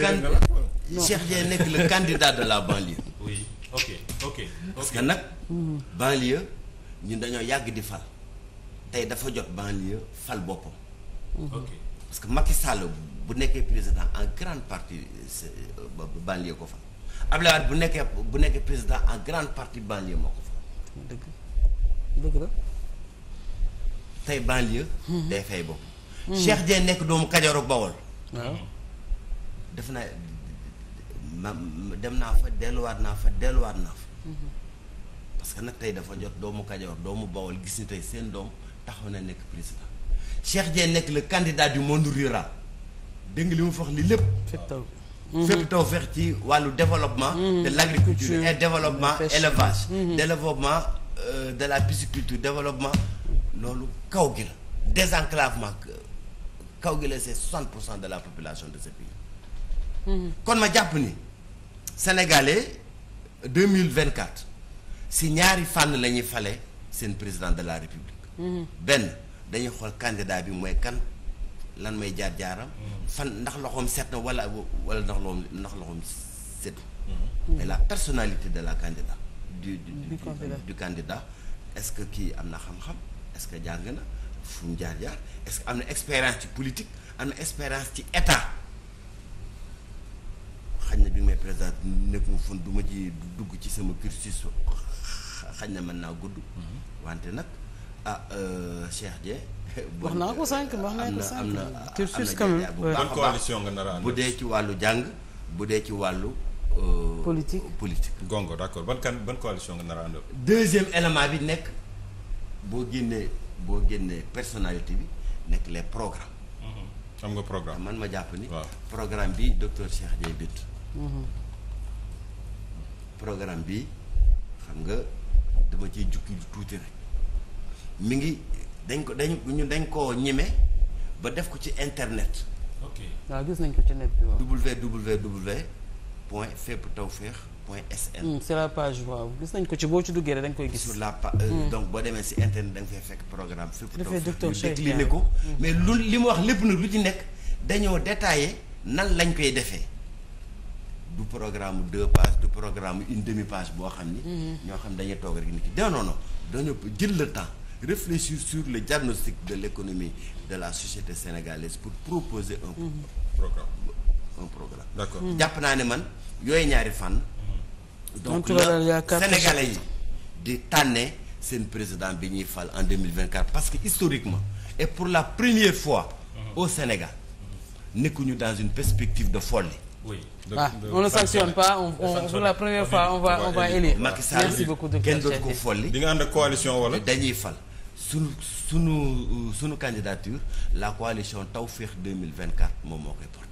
kan Cheikh Dieng nekk de la banlieue. oui ok ok. parce que nag. banlieue ñun dañoo yàgg di fal tey dafa jot banlieue fal boppam. parce que Macky Sall bu nekkee président en grande partie euh, banlieue ko fal Abdoulaye Wade bu nekkee bu nekkee président en grande partie banlieue moo ko fal. dëgg dëgg la. Mhm. day fay bopp. Mhm. Cheikh Dieng nekk doomu Kajoor ak Bawol. def naa ma dem naa fa delluwaat naa fa delluwaat naa fa. Mm-hmm. parce que nag tey dafa jot doomu Kajoor doomu Bawol gis ni tey seen doom taxaw na nekk président Cheikh Dieng nekk la candidat du monde rural dégg nga li mu fa wax li lépp. fépp taw mm-hmm. fex ci wàllu développement. Mm-hmm. de l' agriculture et développement élevage. développement euh, de la pisciculture développement loolu kaw gi la désenclavement kaw gi la c' est pour cent de la population de ce pays. kon ma jàpp ni sénégalais deux mille vingt quatre si ñaari fànn la ñuy fale seen président de la république. benn dañuy xool candidat bi mooy kan lan mooy jaar jaaram. fan ndax loxoom set na wala wala ndax loxoom ndax loxoom set. mais mhm. la personnalité de la candidat. du du du du candidat est-ce que kii am na xam-xam est-ce que jàng na fu mu jaar jaar est que am na expérience ci politique am na expérience ci état. mais may présenté nekkuma fon du ma ci dugg ci sama cursus xañ na mën naa gudd mhm. wante nag ah euh, Cheikh Dieng wax naa ko sànq wax naa ko sànq am na cursus quand même bonne coalition nga nar bu dee ci wàllu jàng bu dee ci wàllu euh, politique politique gongo d'accord ban kan ban coalition nga nar a àndal deuxième élément bi nekk boo génnee boo génnee personnalité bi nekk les programmes xam mhm. nga programme man ma jàpp ni programme bi docteur Cheikh Dieng bind programme bi xam nga dama ciy jukki lu tuuti rek mi ngi dañ ko dañ ñu dañ koo ñeme ba def ko ci internet. ok waaw gis nañ ko ci net bi waaw. www point fépp tawféex point sn. Hmm, c'est la page waaw gis nañ ko ci boo ci duggee rek dañ koy gis. sur la pa euh, hmm. donc boo demee si internet da nga fay fekk programme. fépp tawféex ñu ne ko. Hmm. mais lu li mu wax lépp nag lu ci nekk dañoo détaillé nan lañ koy defee. du programme de pages du programme une demi page boo xam ni. Mm-hmm. ñoo xam dañuy toog rek nit ki non non non dañoo jël le temps réfléchir sur le diagnostic de l'économie de la société sénégalaise pour proposer un. Mm-hmm. programme un programme. d'accord mm-hmm. jàpp naa ne man yooyu ñaari fànn. donc euh, la sénégalais yi di tànnee seen président bi ñuy fal en 2024 parce que historiquement et pour la première fois. au Sénégal nekkuñu dans une perspective de folie. oui ah, donc ah, on ne sanctionne pa on pour la première fois on va on va élire. Macky Sall merci beaucoup docteur ko folli. di nga ànd ak coalition wala. dañuy fal su sunu sunu sunu candidature la coalition Tawfekh 2024 moom moo koy porté.